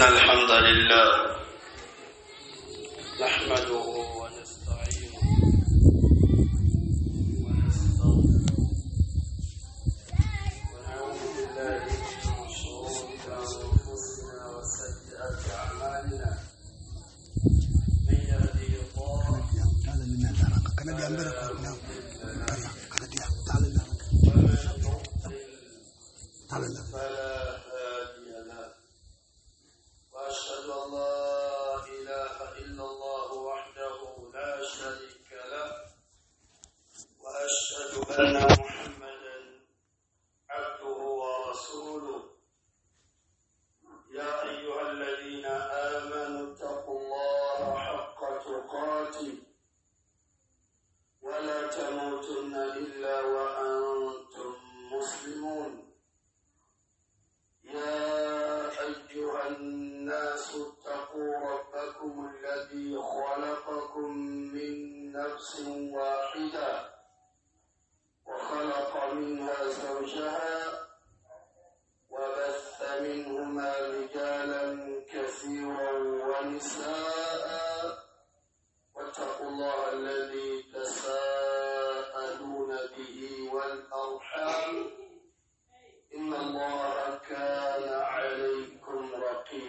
إن الحمد لله But, uh,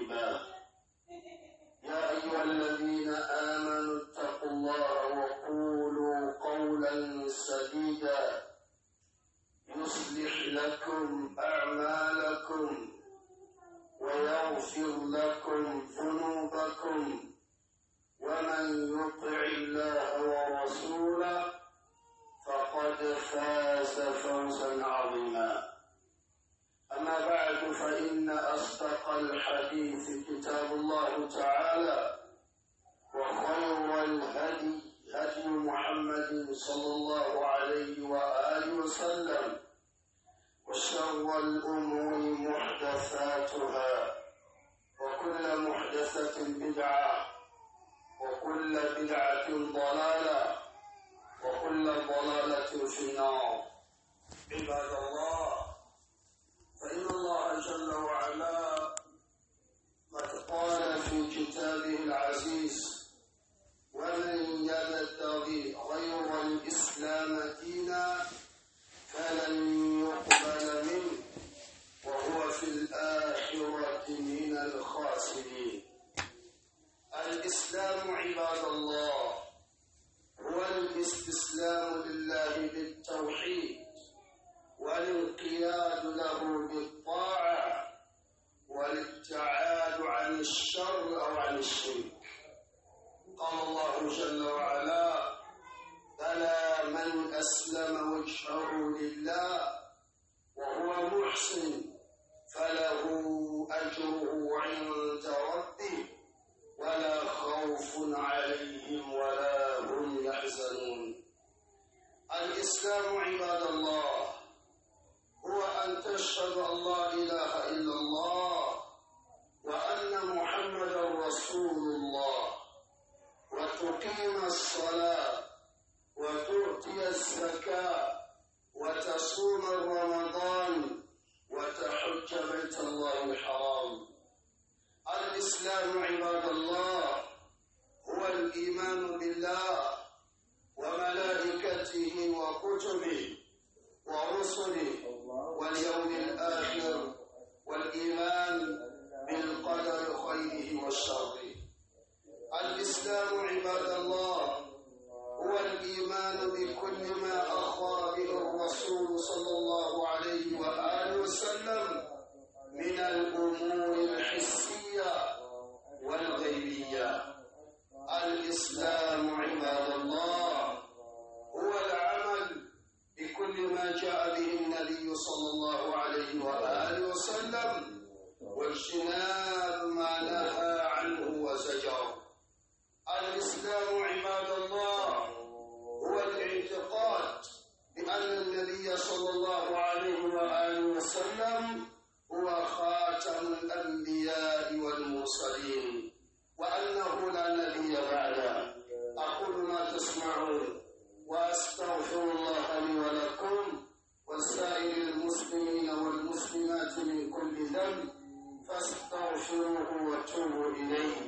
ما محدثة بدعة وكل بدعة ضلالة وكل ضلالة في النار عباد الله فإن الله جل وعلا قد قال في كتابه العزيز ومن يبتغي غير الإسلام دينا الخاسرين الإسلام عباد الله هو الاستسلام لله بالتوحيد والانقياد له بالطاعة والابتعاد عن الشر أو عن الشرك قال الله جل والإيمان بالقدر خيره وشره الإسلام عباد الله هو الإيمان بكل ما أخبر به الرسول صلى الله عليه وآله وسلم من الأمور الحسية والغيبية الإسلام واجتناب ما نهى عنه وزجره الإسلام عباد الله هو الاعتقاد بأن النبي صلى الله عليه وآله وسلم هو خاتم الأنبياء والمرسلين واتوبوا اليه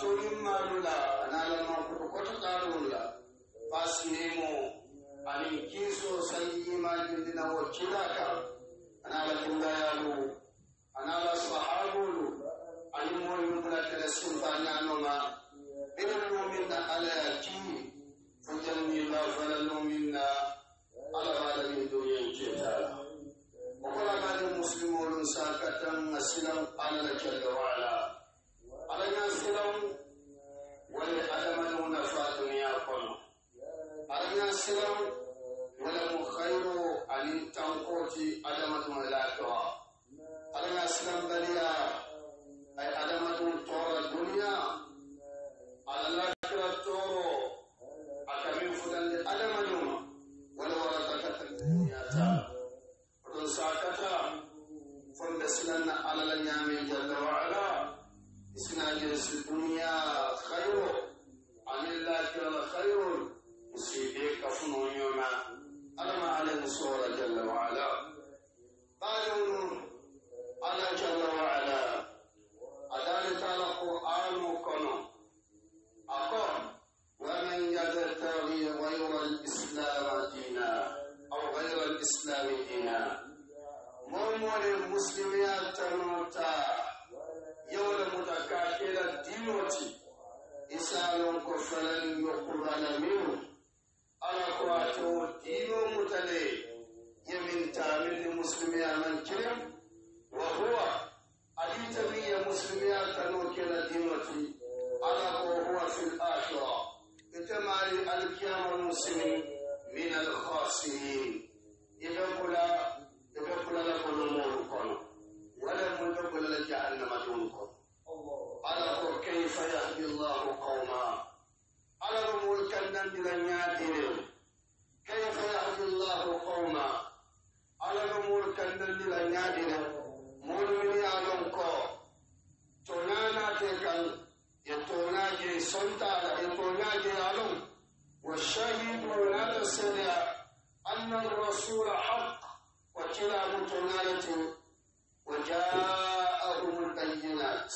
Wato mimma lula analamman kurkwata ƙarula ba su nemo anin kinso sai imajin dina wakila ka anala kunga ana anala a anin moyin bulakira sun ba na noma irin nomin da alayaki fujan ne ba fara nomin na alamalin doyen ketara. Kwakwala ba da wurin sakatan asilan alalakin da wa'ala. alana siranw wala adamadenw nafa duniya kɔnɔ alana siranw wala mu khairu ani tankoti adamadenw lafiya alana siranbaliya a ye adamadenw tɔɔrɔ duniya wato dino mutane ya da musulmi muslimiya nan kirim wa huwa alitamiya muslimiya kano kena dimati ala ko huwa fil akhirah itamali alkiyama muslimi min al khasirin ibe kula ibe kula la kono moru kono wala mun be kula la jahannama dum ko ala ko kai kayfa yahdi allah qawma ala ko rumul kandan dilanya direm كيف يهدي الله قوما على نمور كندل لنيادنا مولوني علنكو تونانا تكن يتونا جي سلطة يتونا جي علم والشهيد ولا السريع أن الرسول حق وكلا متنالة وجاءهم البينات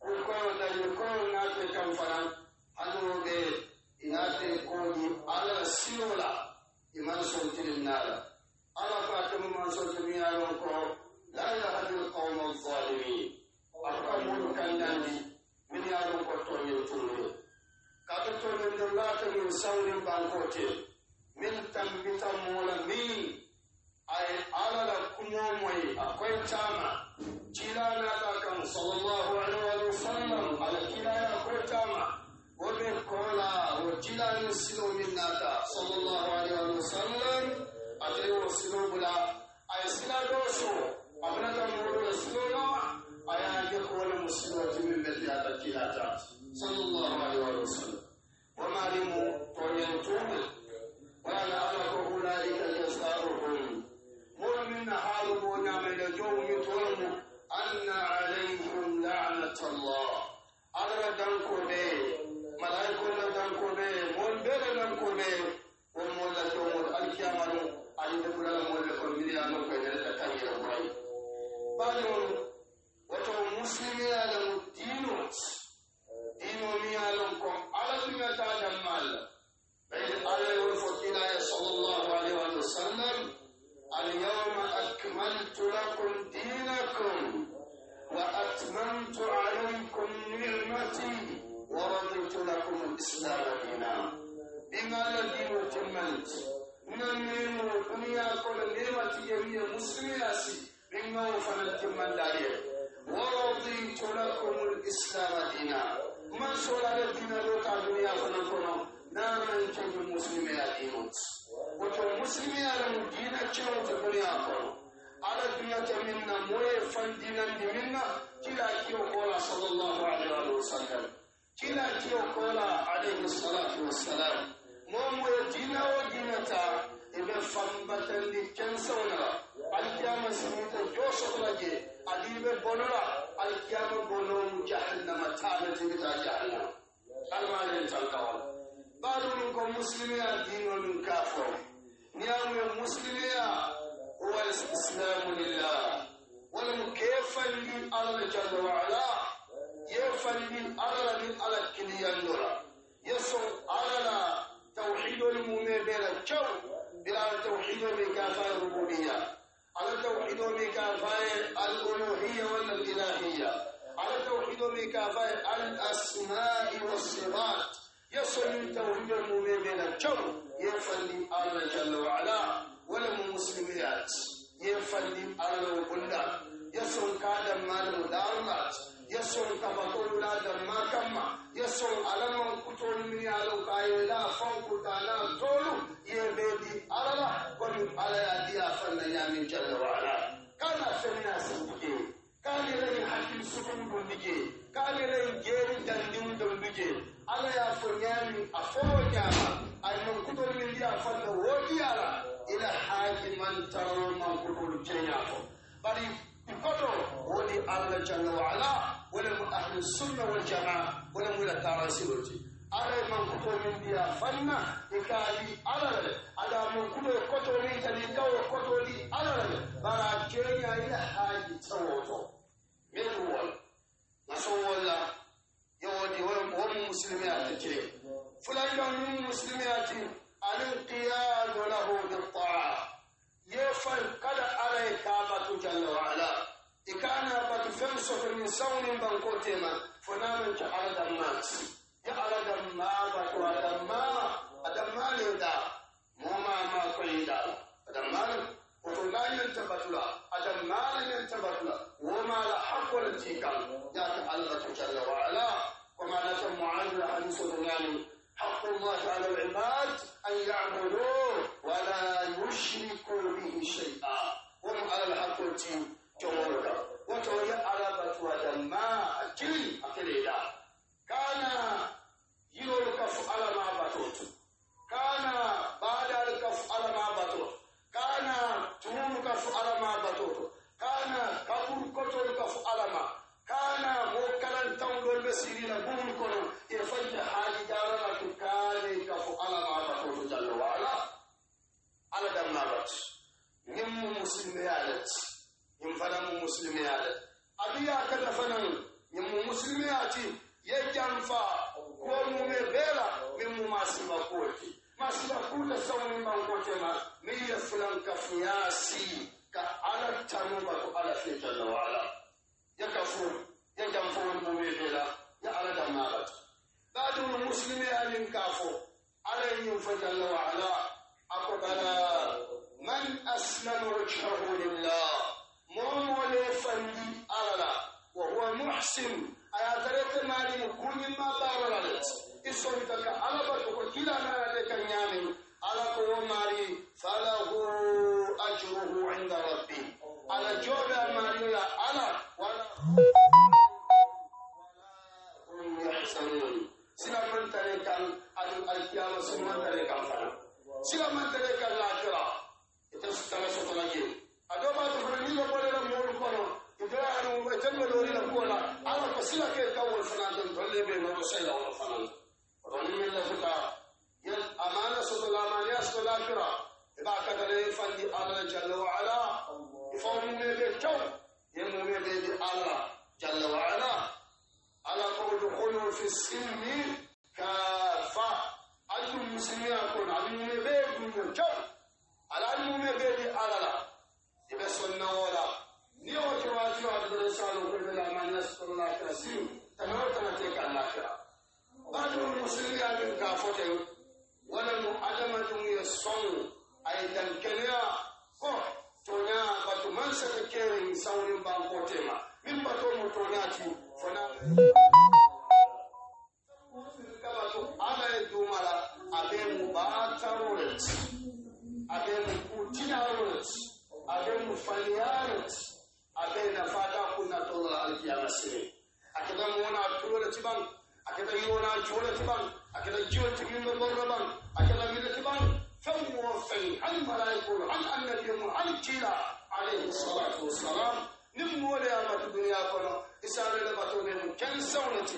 وكون ذلك كون ناتي كم فرن أنه ingate kodu ala siwla iman sontin ala fatum man sontin ko la yahdi alqawm alzalimin akamul kandandi min yaron ko to yin tunu kato to min min sawrin bankote min tambita mola a ay ala la kumo moy akwai tama kila na ta kan sallallahu alaihi wa sallam ala ومن قولا وجلا نسلو من ناتا صلى الله عليه وسلم أتي وسلو بلا أي سلا دوسو أبنا تمر وسلو أي يقول مسلوة من مدينة كيلاتا صلى الله عليه وسلم وما لم تنتوب wananchi. Mna neno uniyakola lewati jamiya muslimiyasi ningawo fana timmallariye waraditu lakum lislama dina man solare dina ɗo ka duniya fana kono nanan coño muslimeya dinot woto muslimeyaran dina cewta duniya kono ala duniyata minna moye fandinandi minna kila kiyo kola sallallahu alaihi wa sallam kila kiyo kola alayhi salatu wassalam mombo dina o dinata ebe fambatandi kensola alkiyama simuta josoklaje adibe bonola alkiyama bononu jahannama tametimita jahannama almalen tankawal baɗo ɗum ko muslimiya dino ɗum kafo niyamuye muslimiya huwa islamu lillah wala mo kefandi allah jalla wa ala yefandi allah min ala kiliyandora yeson كافاية الربوبية على توحيد بكافاية الألوهية ولا الإلهية على توحيد بكافاية الأسماء والصفات يصل توحيد المؤمنين الجو يفلي الله جل وعلا ولا المسلميات يفلي الله كلها يصل كادم مال مدارمات يسون تبطل لا دما كما يسون علم كتون من يالو كاي لا فون كتانا تولو يبدي على ومن على يدي أفن يا من جل وعلا كان فينا سبحانه كان لين حكيم سكون بندجي كان لين جيري تندم دمدجي على يا فنيان أفوجا أن كتون من يا فن ودي على إلى حاكم من ترون من كتون جيافو بل يقدر ولي الله جل وعلا ahlu sunna wal jamaa wala mu la tarasiroti ala man ko min dia fanna ikali ala ala ko kudo koto ni tali ko to ni ala bara kenya ila haji tawoto min wal naso wala yodi wal wal muslimi atake fulan kan min muslimi ati al qiyad lahu bi ta'a yafal kada ala kabatu jalla wa ala e kana bat femso to min sawnin bankotema fo nanan ca ala dammama e ala dammaba ko ala dammama a dammani da momama koyida a dammani oto lañen tabatula a dammanañen tabatula womala hakkolanti kam yata allah to jalla wa ala وما لكم معاذ حديث الغناني حق الله على العباد أن يعبدوه ولا يشركوا به شيئا وهم على الحق التيم jomoro wata wani alaba tuwa ma a jini a kere da kana yi wa rikafu alama bato kana ba da rikafu alama bato kana tuwo rikafu alama bato kana kafur koto rikafu alama kana mokaran tangon besiri na gumi kono ya fanta haji kiasi ka ala tanuma ko ala fe jalla wa ala yaka fo yaka fo mo me bela ya ala da mara badu muslimi alin ka fo ala yin fo jalla wa ala ako bala man aslama wajhahu lillah mo le fandi ala wa huwa muhsin aya tarete mali kunyi ma barala iso bitaka ala ba ko kila na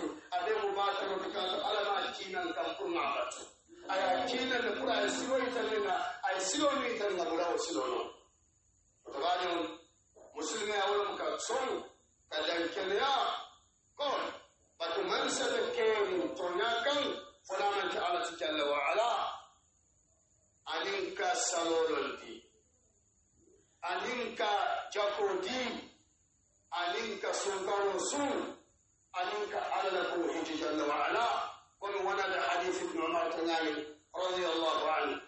batu abe mu ba ta ka ala ma kinan batu da kura siro itanna ay siro mi itanna bura siro no to ba musulmi ya wani ka sonu ka dankele ya kon batu man sada ke mu tonya kan fulaman ta ala wa ala aninka salolon di aninka jakodi aninka sultanon sun عليك على نبوه جل وعلا ومن حديث ابن عمر تناني رضي الله عنه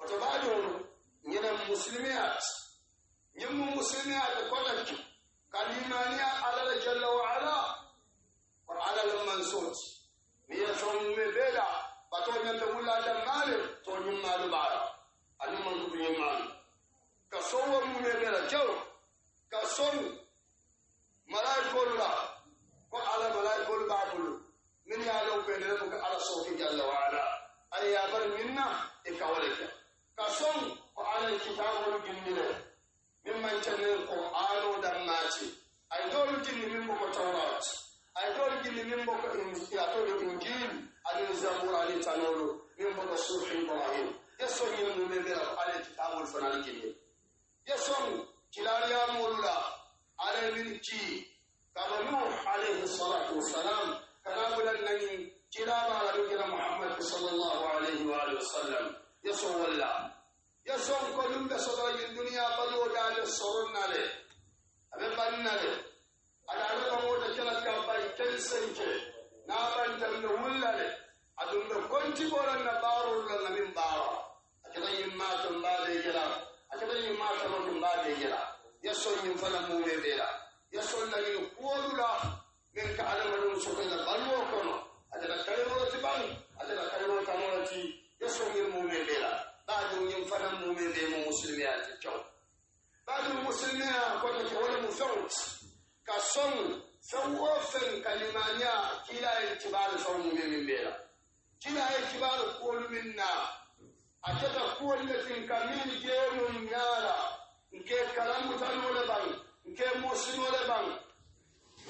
وتبعدهم من المسلمات من المسلمات قدرت كالإيمانية على جل وعلا وعلى المنصوت ميتهم مبلا بطول يندمون لها مالك تولهم مالو بعلا المنصوت يمالو كصور مبلا جو كصور ملايك الله ko ala balai bol ba bulu min ya lo be ne ko ala so ki jalla wa ala ay ya bar minna e ka wala ka ka son ko ala kitabu jinnire mimman tanil qur'anu dan nace ay dol jinni min ko tawrat ay dol jinni min ko ya to de injil adin zabur ali tanolo min ko sufi ibrahim yeso yin ne be ala kitabu fanal jinni yeso kilariya mulula ala min ki كان نوح عليه الصلاة والسلام كلام النبي كلام على محمد صلى الله عليه وآله وسلم يسوع الله يسوع كلهم بسرعة الدنيا قد وجعل الصورن عليه أبي بننا عليه على أنه موتا كانت كبير تنسنك نابن تنهول عليه أدن كنت بولن بارو لنا من بارا أكذا يماتن بعد يجرا أكذا يماتن بعد يجرا يسوع ينفلمون بيلا ಎಷ್ಟೊಂದಲ್ಲಿ ಓದುಲ ನಿನ್ನ ಕಾಲವನ್ನು ಸೊಕಲ್ಲ ಬಲ್ವೋಕೋಣ ಅದರ ಕಳೆಮೋಚಿ ಬಾನು ಅದರ ಕಳೆಮೋ ಕಮೋಚಿ ಎಷ್ಟೊಂದಿನ ಮೂಮೆ ಬೇಡ ಬಾದು ನಿಮ್ಮ ಫಲ ಮೂಮೆ ದೇಮೋ ಮುಸ್ಲಿಮೆ ಆಚೆ ಚೌ ಬಾದು ಮುಸ್ಲಿಮೆ ಕೊಟ್ಟ ಚೌಲ ಮುಸೌಚ್ ಕಸೊಂ ಸೌವಫನ್ ಕಲಿಮಾನ್ಯ ಕಿಲಾಯ ಚಿಬಾಲು ಸೌ ಮೂಮೆ ಮಿನ್ ಬೇಡ ಕಿಲಾಯ ಚಿಬಾಲು ಕೋಲು ಮಿನ್ನ ಅಚ್ಚದ ಕೋಲು ತಿನ್ ಕಮೀನ್ ಜೇನು ನ್ಯಾರ nke kalan mutane wani bani nke mu'sino le ban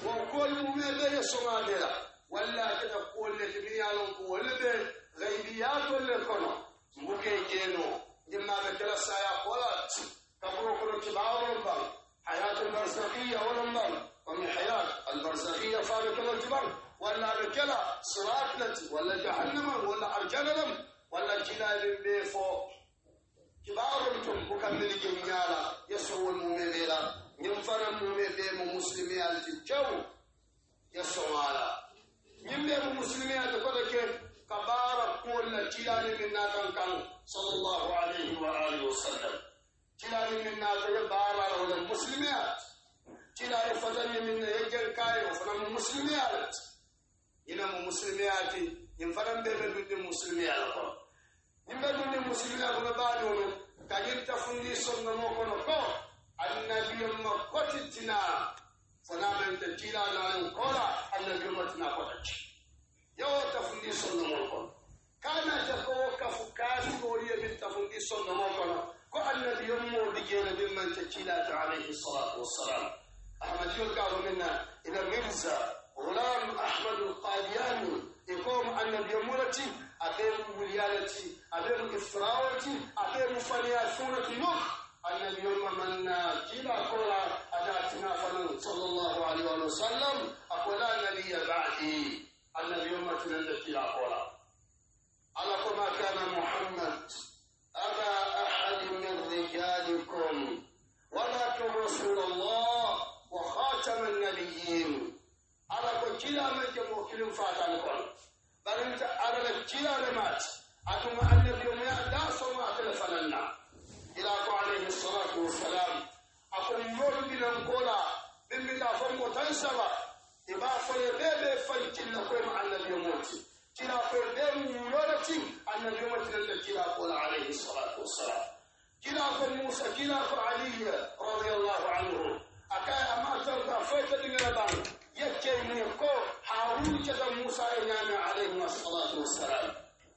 wa kol mu me be yeso ma de la walla ta kol le timi ya lon ko le be ghaibiyat le kono mbuke jeno jemma be kala sa ya kola ka ko ko ci baawon ban hayat al barzakhiyya wala ban wa min hayat al barzakhiyya farik al jibal walla be kala sirat wala jahannama wala arjanam wala jilal be fo kibarun tum bukan miligin yara yasawul mu'minina nyimfana mune be mu muslimi alti jaw ya somala nyimbe mu muslimi alti ko ke kabara kulla tilani min natan kan sallallahu alaihi wa alihi wasallam tilani min natan bara wala muslimi alti tilani fatani min yajal kayo fana muslimi alti ina mu muslimi alti nyimfana be be muslimi alti ko nyimbe be muslimi alti ko baado ka nyinta fundi sonno mo kono ko annabiyar makwatincina sanamin da tila lanin kola annabiyar matina kwatacci yawa tafundi son na mokon kana ta kowa kafu kasu koriya min tafundi son na mokon ko annabiyar mu dige na bin man ta tila ta alaihi salatu wassalam ahmad yulka minna idan mirza غلام احمد القادياني يقوم النبي مولتي أبيم وليالتي أبيم إسراوتي أبيم فنيا سورة نوح أن اليوم من جيلا قولا أداتنا فنن صلى الله عليه وسلم أقول نبي بعدي أن اليوم تنن جيلا قولا على كما كان محمد أبا أحد من رجالكم ولكن رسول الله وخاتم النبيين على كجيلا من جمهور كلم فاتنكم بل أنت على الجيلا لمات أتم أن اليوم يأدى صلى الله عليه وسلم salam ako moƴƴinan kola min mbiɗa fon ko tan saba e ma foye ɓe ɓe fayi tinna koyema annabiyo moti tira koye ɓe wulona tin annabiyo motinanna kila kola alayhi salatu wassalam kila ko musa kila ko aliya radiallahu anhu akay amatarta foyta ɗingana ɓan yeccey mune ko ha wurcata musa e ñame alayhim assalatu wassalam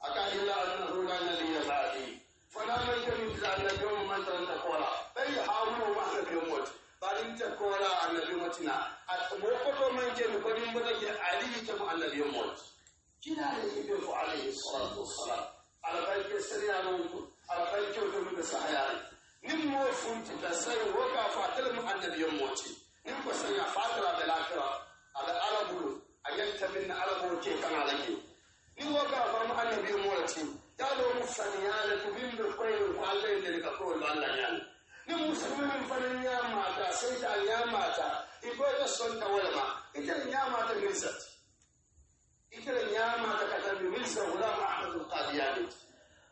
aka illa annahu la nabiya baadi fona majjani annabiyo mo mantaranta kola ɓen yo a annabi ummatu baɗum te koola annabi ummatina wokoto men jemi koɗum mboɗoje aliyi temo annabi ummatu jiɗaale yimɓe fo alayhi salatu wassalam ala bayke sariyanonko ala baykewoto ɗumɓe sahayaani nin mo funtita sai woka fo a telemo annabi moti nin ko sariya fatara ɓe a aɓe ala bulu a na ala boke kana a nin woka famo annabi ummoti yaɗo mu saniyane ko wimɓe koyen ko allah e ndeni ka kowol allah ñaani ni musulmi min fana ñamata sai ta ñamata i koyta sonta walama itela ñamata milsat itela ñamata katambi milsa gulam ahmadul qadiyani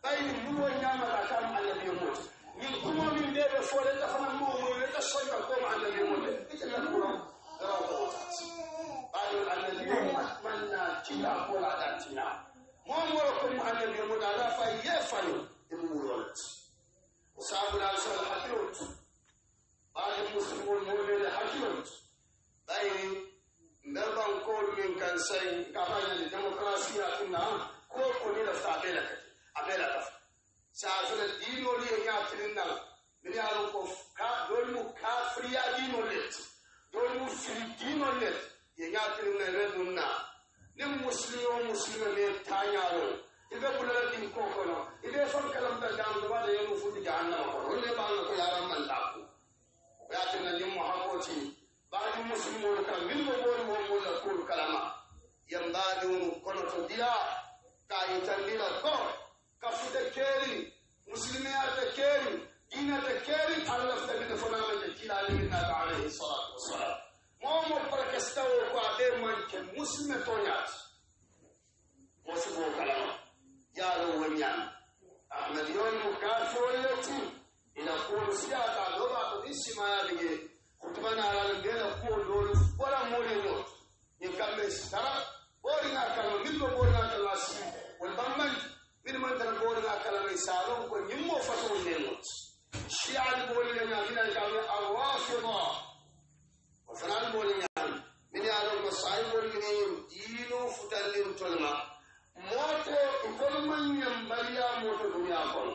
ɓayni muwo ñamata kam annabi mut min kuma min ɓeɓe foleta fana momoyeta sonta kom annabi mut itela kuram rawtaotat ɓaɗol annabi manna tila kola ɗan tina momoro kom annabi mut ala fa ye fanu saboda hakimansu bayan musulmi mulmi da hakimansu bayan garban kogin kan sai kafanin da demokrasi a tunan ko kone da su abela kake abela ka dinoli ya yi afirin nan mini ko dole mu ya dinoli dole mu siri dinoli ya yi afirin nan redun na ni musulmi wa musulmi ne ta yaro ibe kula la tin ko ko no ibe son kalam ta jam do wala yelu fu jahannama ko wolle ba na ko yaram man la ko ya tin ni muhammadi ba ni muslimu ka min mo bol mo mo la ko kalama yambadu kono to dila ka yitandira ko ka fu te keri muslimi ya te keri dina te keri allah ta bi fona ma te kila ali na ta alayhi salatu wassalam mo mo protestawo ko abe man ke muslimi to nyaati wasu ko kalama yaro wanya ahmad yoyu kafi wallati ila ko siya ta do ba to isi ma ya dige kutuma na ala gela ko do wala mole no ni kamme sara bori na kala min ko bori na kala si wal bamman min man tan bori na kala mai saro ko nimmo fato ne no shi al bori na na min al kamme awafida wa fana al bori na min ya al masai bori ne dino futalin tolma mote ikonman yambariya moto duniya kono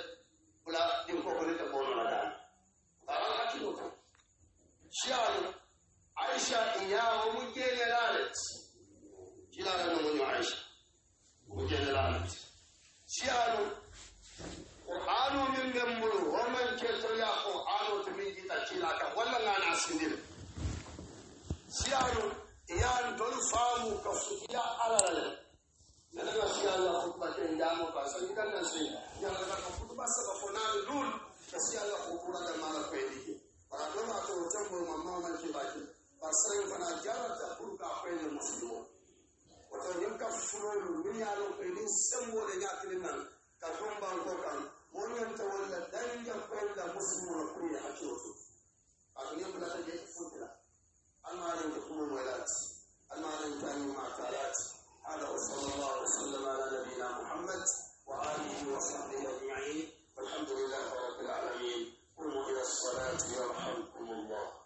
siyayo eyaani tolu faamu ka su iya la le ne ne ka siya la ta ke ndaamo ba sa ni ka sai ya daga ka kutuba ba fo naani duuru ka siya la ko kura ka mara ko edi ke bara dɔ b'a to o tɛ mɔgɔ ma maa ma ke ba ke ba sa in fana jara ta kuru k'a ko edi musulmi o tɛ ne ka furu min y'a lo ko edi san o da y'a kelen nan ka tɔn ba ko kan mɔgɔ ɲɛ ta wale la dan ya ko edi la musulmi ma ko ye hakɛ o to a tun ye bila ka jɛ foyi la أما لم ولات الولاة أما لم هذا وصلى الله وسلم على نبينا محمد وآله وصحبه أجمعين والحمد لله رب العالمين قوموا إلى الصلاة يرحمكم الله